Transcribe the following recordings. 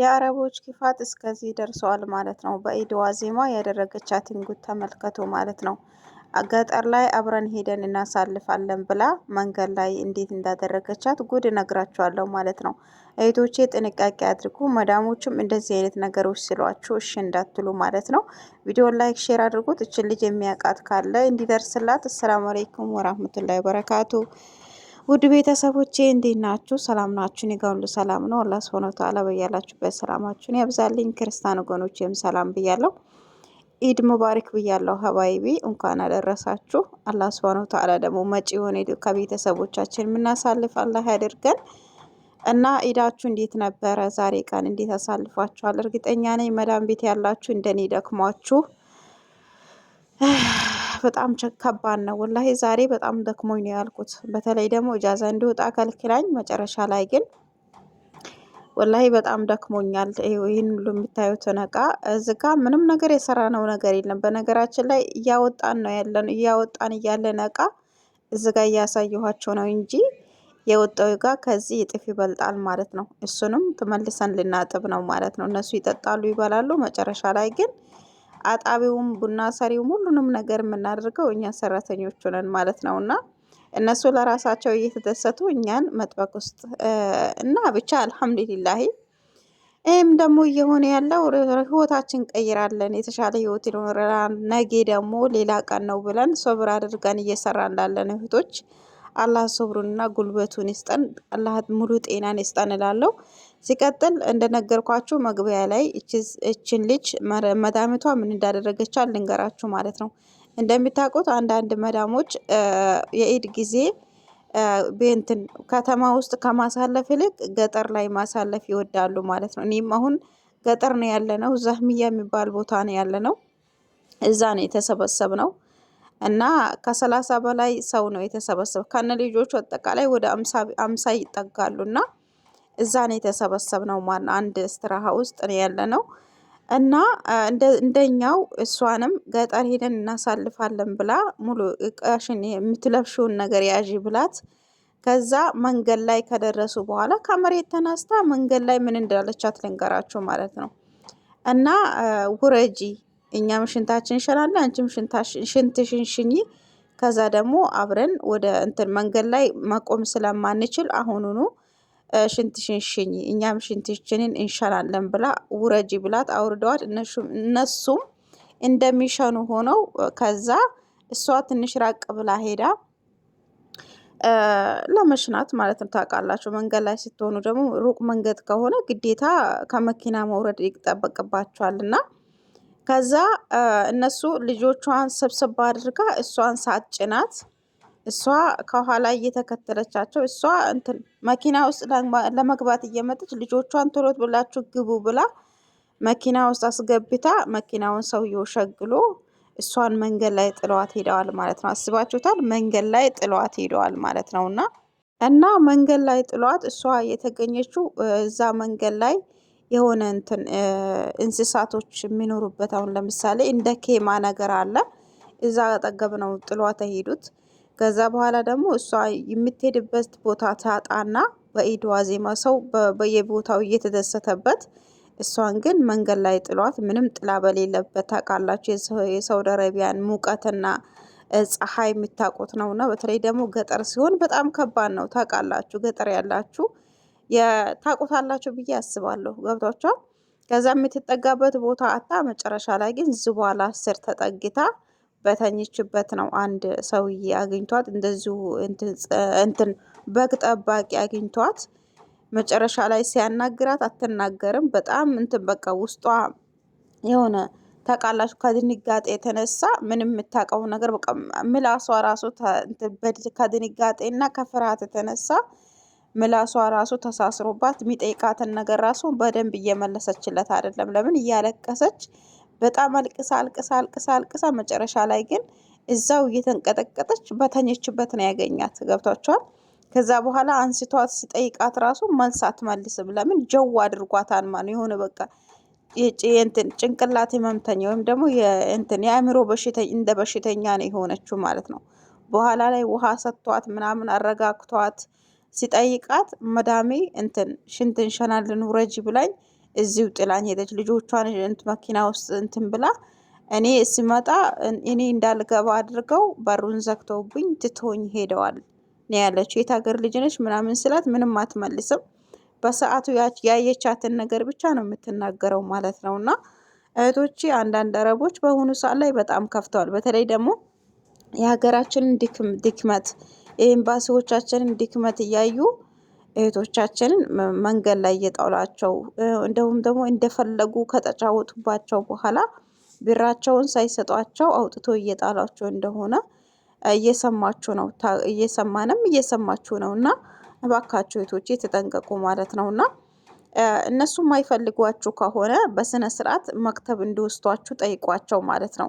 የአረቦች ክፋት እስከዚህ ደርሰዋል ማለት ነው። በኢድ ዋዜማ ያደረገቻትን ጉድ ተመልከቱ ማለት ነው። ገጠር ላይ አብረን ሄደን እናሳልፋለን ብላ መንገድ ላይ እንዴት እንዳደረገቻት ጉድ እነግራችኋለሁ ማለት ነው። እህቶቼ ጥንቃቄ አድርጉ። መዳሞችም እንደዚህ አይነት ነገሮች ሲሏችሁ እሺ እንዳትሉ ማለት ነው። ቪዲዮ ላይክ፣ ሼር አድርጉት። እችን ልጅ የሚያውቃት ካለ እንዲደርስላት። አሰላሙ አለይኩም ወራህመቱላሂ ወበረካቱ ውድ ቤተሰቦቼ እንዴት ናችሁ? ሰላም ናችሁን? እኔ ሰላም ነው። አላህ ሱብሐነሁ ወተዓላ በያላችሁበት ሰላማችሁን ያብዛልኝ። ክርስቲያን ወገኖቼም ሰላም ብያለሁ። ኢድ ሙባሪክ ብያለሁ። ሀባይቢ እንኳን አደረሳችሁ። አላህ ሱብሐነሁ ወተዓላ ደግሞ መጪውን ኢድ ከቤተሰቦቻችን የምናሳልፍ አላህ ያድርገን እና ኢዳችሁ እንዴት ነበረ? ዛሬ ቀን እንዴት አሳልፏችኋል? እርግጠኛ ነኝ መዳም ቤት ያላችሁ እንደኔ ደክሟችሁ በጣም ከባድ ነው። ወላሂ ዛሬ በጣም ደክሞኝ ነው ያልኩት። በተለይ ደግሞ እጃዛ እንዲወጣ ከልክላኝ፣ መጨረሻ ላይ ግን ወላሂ በጣም ደክሞኛል። ይህን ሁሉ የምታዩትን እቃ እዚህ ጋ ምንም ነገር የሰራነው ነገር የለም። በነገራችን ላይ እያወጣን ነው ያለን እያወጣን እያለን እቃ እዚህ ጋ እያሳየኋቸው ነው እንጂ የወጣው ጋ ከዚህ እጥፍ ይበልጣል ማለት ነው። እሱንም ትመልሰን ልናጥብ ነው ማለት ነው። እነሱ ይጠጣሉ ይበላሉ፣ መጨረሻ ላይ ግን አጣቢውም ቡና ሰሪውም ሁሉንም ነገር የምናደርገው እኛ ሰራተኞች ሆነን ማለት ነው እና እነሱ ለራሳቸው እየተደሰቱ እኛን መጥበቅ ውስጥ እና ብቻ አልሐምዱሊላሂ ይህም ደግሞ እየሆነ ያለው ህይወታችን ቀይራለን፣ የተሻለ ህይወት ይኖረናል። ነገ ደግሞ ሌላ ቀን ነው ብለን ሶብር አድርገን እየሰራ እንዳለን እህቶች አላህ ሶብሩንና ጉልበቱን ይስጠን፣ አላህ ሙሉ ጤናን ይስጠን እላለሁ። ሲቀጥል እንደነገርኳችሁ መግቢያ ላይ እችን ልጅ መዳምቷ ምን እንዳደረገቻት ልንገራችሁ ማለት ነው። እንደሚታውቁት አንዳንድ መዳሞች የኢድ ጊዜ ቤንትን ከተማ ውስጥ ከማሳለፍ ይልቅ ገጠር ላይ ማሳለፍ ይወዳሉ ማለት ነው። እኔም አሁን ገጠር ነው ያለ ነው፣ ዛህሚያ የሚባል ቦታ ነው ያለ ነው። እዛ ነው የተሰበሰብ ነው እና ከሰላሳ በላይ ሰው ነው የተሰበሰበ ከነ ልጆቹ አጠቃላይ ወደ አምሳ ይጠጋሉ እና እዛ ነው የተሰበሰብነው። ማን አንድ ስትራሃ ውስጥ ነው ያለ ነው እና እንደኛው እሷንም ገጠር ሄደን እናሳልፋለን ብላ ሙሉ እቃሽን የምትለብሽውን ነገር ያዥ ብላት ከዛ መንገድ ላይ ከደረሱ በኋላ ከመሬት ተነስታ መንገድ ላይ ምን እንዳለቻት ልንገራችሁ ማለት ነው። እና ውረጂ እኛም ሽንታችን እንሸናለን፣ አንቺም ሽንትሽን ሽኝ። ከዛ ደግሞ አብረን ወደ እንትን መንገድ ላይ መቆም ስለማንችል አሁኑኑ ሽንትሽን ሽኝ፣ እኛም ሽንትሽንን እንሸናለን ብላ ውረጂ ብላት አውርደዋል። እነሱም እንደሚሸኑ ሆነው ከዛ እሷ ትንሽ ራቅ ብላ ሄዳ ለመሽናት ማለት ነው። ታውቃላችሁ መንገድ ላይ ስትሆኑ ደግሞ ሩቅ መንገድ ከሆነ ግዴታ ከመኪና መውረድ ይጠበቅባቸዋል እና ከዛ እነሱ ልጆቿን ሰብሰብ አድርጋ እሷን ሳጭናት። እሷ ከኋላ እየተከተለቻቸው እሷ እንትን መኪና ውስጥ ለመግባት እየመጠች ልጆቿን ቶሎት ብላችሁ ግቡ ብላ መኪና ውስጥ አስገብታ መኪናውን ሰውየው ሸግሎ እሷን መንገድ ላይ ጥለዋት ሄደዋል ማለት ነው። አስባችሁታል? መንገድ ላይ ጥለዋት ሄደዋል ማለት ነው እና እና መንገድ ላይ ጥሏት እሷ የተገኘችው እዛ መንገድ ላይ የሆነ እንትን እንስሳቶች የሚኖሩበት አሁን ለምሳሌ እንደ ኬማ ነገር አለ። እዛ አጠገብ ነው ጥሏት ሄዱት። ከዛ በኋላ ደግሞ እሷ የምትሄድበት ቦታ ታጣና በኢድ ዋዜማ ሰው በየቦታው እየተደሰተበት እሷን ግን መንገድ ላይ ጥሏት ምንም ጥላ በሌለበት ታውቃላችሁ፣ የሳውዲ አረቢያን ሙቀትና ፀሐይ የሚታውቁት ነው። እና በተለይ ደግሞ ገጠር ሲሆን በጣም ከባድ ነው ታውቃላችሁ፣ ገጠር ያላችሁ የታቁታላቸው ብዬ አስባለሁ። ገብቷቸዋል። ከዛ የምትጠጋበት ቦታ አታ መጨረሻ ላይ ግን ዝቧላ ስር ተጠግታ በተኝችበት ነው አንድ ሰውዬ አግኝቷት፣ እንደዚሁ እንትን በግ ጠባቂ አግኝቷት መጨረሻ ላይ ሲያናግራት አትናገርም። በጣም እንትን በቃ ውስጧ የሆነ ታውቃላችሁ፣ ከድንጋጤ የተነሳ ምንም የምታውቀው ነገር በቃ ምላሷ ራሱ ከድንጋጤና ከፍርሃት የተነሳ ምላሷ ራሱ ተሳስሮባት የሚጠይቃትን ነገር ራሱ በደንብ እየመለሰችለት አይደለም። ለምን እያለቀሰች በጣም አልቅሳ አልቅሳ አልቅሳ አልቅሳ መጨረሻ ላይ ግን እዛው እየተንቀጠቀጠች በተኘችበት ነው ያገኛት። ገብቷቸዋል። ከዛ በኋላ አንስቷት ሲጠይቃት ራሱ መልስ አትመልስም። ለምን ጀው አድርጓታል ማለት የሆነ በቃ የእንትን ጭንቅላት ህመምተኛ ወይም ደግሞ የእንትን የአእምሮ እንደ በሽተኛ ነው የሆነችው ማለት ነው። በኋላ ላይ ውሃ ሰጥቷት ምናምን አረጋግቷት ሲጠይቃት መዳሜ እንትን ሽንትን ሸናልን ውረጅ ብላኝ እዚው ጥላኝ ሄደች። ልጆቿን መኪና ውስጥ እንትን ብላ እኔ ስመጣ እኔ እንዳልገባ አድርገው በሩን ዘግተውብኝ ትትሆኝ ሄደዋል ነው ያለችው። የት ሀገር ልጅ ነች ምናምን ስላት ምንም አትመልስም። በሰዓቱ ያየቻትን ነገር ብቻ ነው የምትናገረው ማለት ነው። እና እህቶቼ አንዳንድ አረቦች በአሁኑ ሰዓት ላይ በጣም ከፍተዋል። በተለይ ደግሞ የሀገራችንን ድክመት ኤምባሲዎቻችንን ድክመት እያዩ እህቶቻችንን መንገድ ላይ እየጣሏቸው እንደውም ደግሞ እንደፈለጉ ከተጫወቱባቸው በኋላ ብራቸውን ሳይሰጧቸው አውጥቶ እየጣሏቸው እንደሆነ እየሰማችሁ ነው። እየሰማንም እየሰማችሁ ነው። እና እባካችሁ እህቶች የተጠንቀቁ ማለት ነው እና እነሱ የማይፈልጓችሁ ከሆነ በስነ ስርዓት መክተብ እንዲወስዷችሁ ጠይቋቸው ማለት ነው።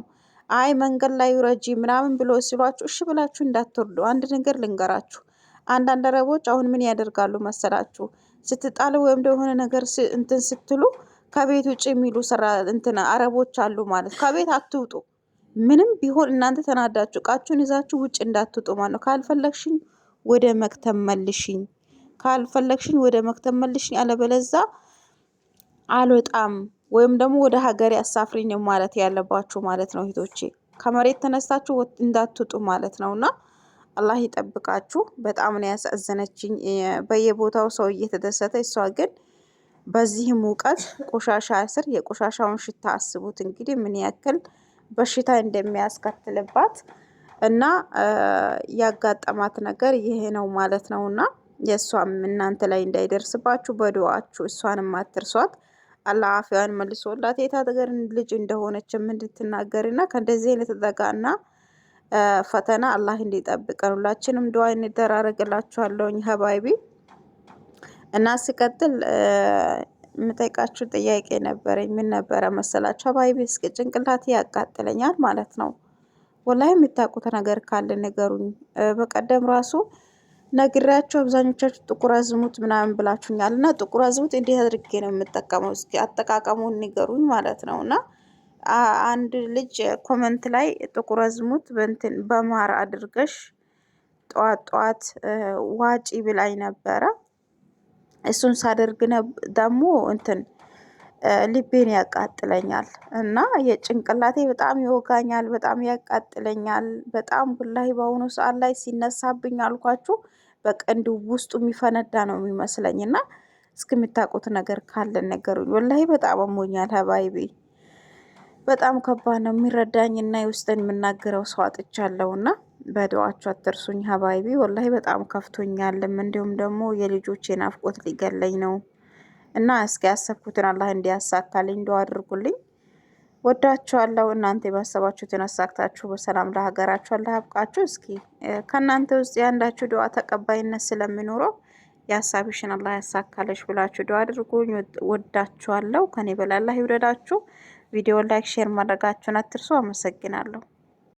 አይ መንገድ ላይ ውረጂ ምናምን ብሎ ሲሏችሁ እሺ ብላችሁ እንዳትወርዱ። አንድ ነገር ልንገራችሁ፣ አንዳንድ አረቦች አሁን ምን ያደርጋሉ መሰላችሁ? ስትጣሉ ወይም የሆነ ነገር እንትን ስትሉ ከቤት ውጭ የሚሉ ስራ እንትን አረቦች አሉ ማለት ከቤት አትውጡ። ምንም ቢሆን እናንተ ተናዳችሁ እቃችሁን ይዛችሁ ውጭ እንዳትውጡ ማለት ነው። ካልፈለግሽኝ ወደ መክተብ መልሽኝ፣ ካልፈለግሽኝ ወደ መክተብ መልሽኝ፣ አለበለዛ አልወጣም ወይም ደግሞ ወደ ሀገሬ አሳፍሪኝ ማለት ያለባችሁ ማለት ነው ሂቶቼ ከመሬት ተነስታችሁ እንዳትወጡ ማለት ነው እና አላህ ይጠብቃችሁ። በጣም ነው ያሳዘነችኝ። በየቦታው ሰው እየተደሰተ እሷ ግን በዚህ ሙቀት ቆሻሻ ስር የቆሻሻውን ሽታ አስቡት እንግዲህ ምን ያክል በሽታ እንደሚያስከትልባት እና ያጋጠማት ነገር ይሄ ነው ማለት ነው እና የእሷም እናንተ ላይ እንዳይደርስባችሁ በድዋችሁ እሷንም አትርሷት። አላህ አፍያን መልሶላት የት ሀገር ልጅ እንደሆነች እና ከእንደዚህ አይነት እና ፈተና አላህ እንዲጠብቀን ሁላችንም ድዋ እንደራረግላችኋለሁኝ ሀባይቢ። እና ሲቀጥል የምጠይቃችሁ ጥያቄ ነበረኝ። ምን ነበረ መሰላችሁ ሀባይቢ? እስቅ ጭንቅላት ያቃጥለኛል ማለት ነው። ወላሂ የምታውቁት ነገር ካለ ንገሩኝ። በቀደም ራሱ ነግሬያቸው አብዛኞቻችሁ ጥቁር አዝሙድ ምናምን ብላችሁኛል። እና ጥቁር አዝሙድ እንዴት አድርጌ ነው የምጠቀመው? እስኪ አጠቃቀሙን ንገሩኝ ማለት ነው። እና አንድ ልጅ ኮመንት ላይ ጥቁር አዝሙድ በእንትን በማር አድርገሽ ጠዋት ጠዋት ዋጪ ብላኝ ነበረ። እሱን ሳደርግ ደግሞ እንትን ልቤን ያቃጥለኛል እና የጭንቅላቴ በጣም ይወጋኛል፣ በጣም ያቃጥለኛል። በጣም ወላሂ በአሁኑ ሰዓት ላይ ሲነሳብኝ አልኳችሁ በቃ ውስጡ የሚፈነዳ ነው የሚመስለኝ እና እስከሚታቁት ነገር ካለን ነገሩኝ። ወላሂ በጣም አሞኛል ሀባይቢ በጣም ከባድ ነው። የሚረዳኝ እና የውስጥን የምናገረው ሰው አጥቻለሁ እና በዱዓችሁ አትርሱኝ ሀባይቢ። ወላሂ በጣም ከፍቶኛልም። እንዲሁም ደግሞ የልጆች የናፍቆት ሊገለኝ ነው። እና እስኪ ያሰብኩትን አላህ እንዲያሳካልኝ ዱአ አድርጉልኝ። ወዳችኋለሁ። እናንተ የማሰባችሁትን አሳክታችሁ በሰላም ለሀገራችሁ አላህ ያብቃችሁ። እስኪ ከእናንተ ውስጥ ያንዳችሁ ዱአ ተቀባይነት ስለሚኖረው የሀሳብሽን አላህ ያሳካለሽ ብላችሁ ዱአ አድርጉኝ። ወዳችኋለሁ። ከኔ በላይ አላህ ይውደዳችሁ። ቪዲዮ ላይክ፣ ሼር ማድረጋችሁን አትርሱ። አመሰግናለሁ።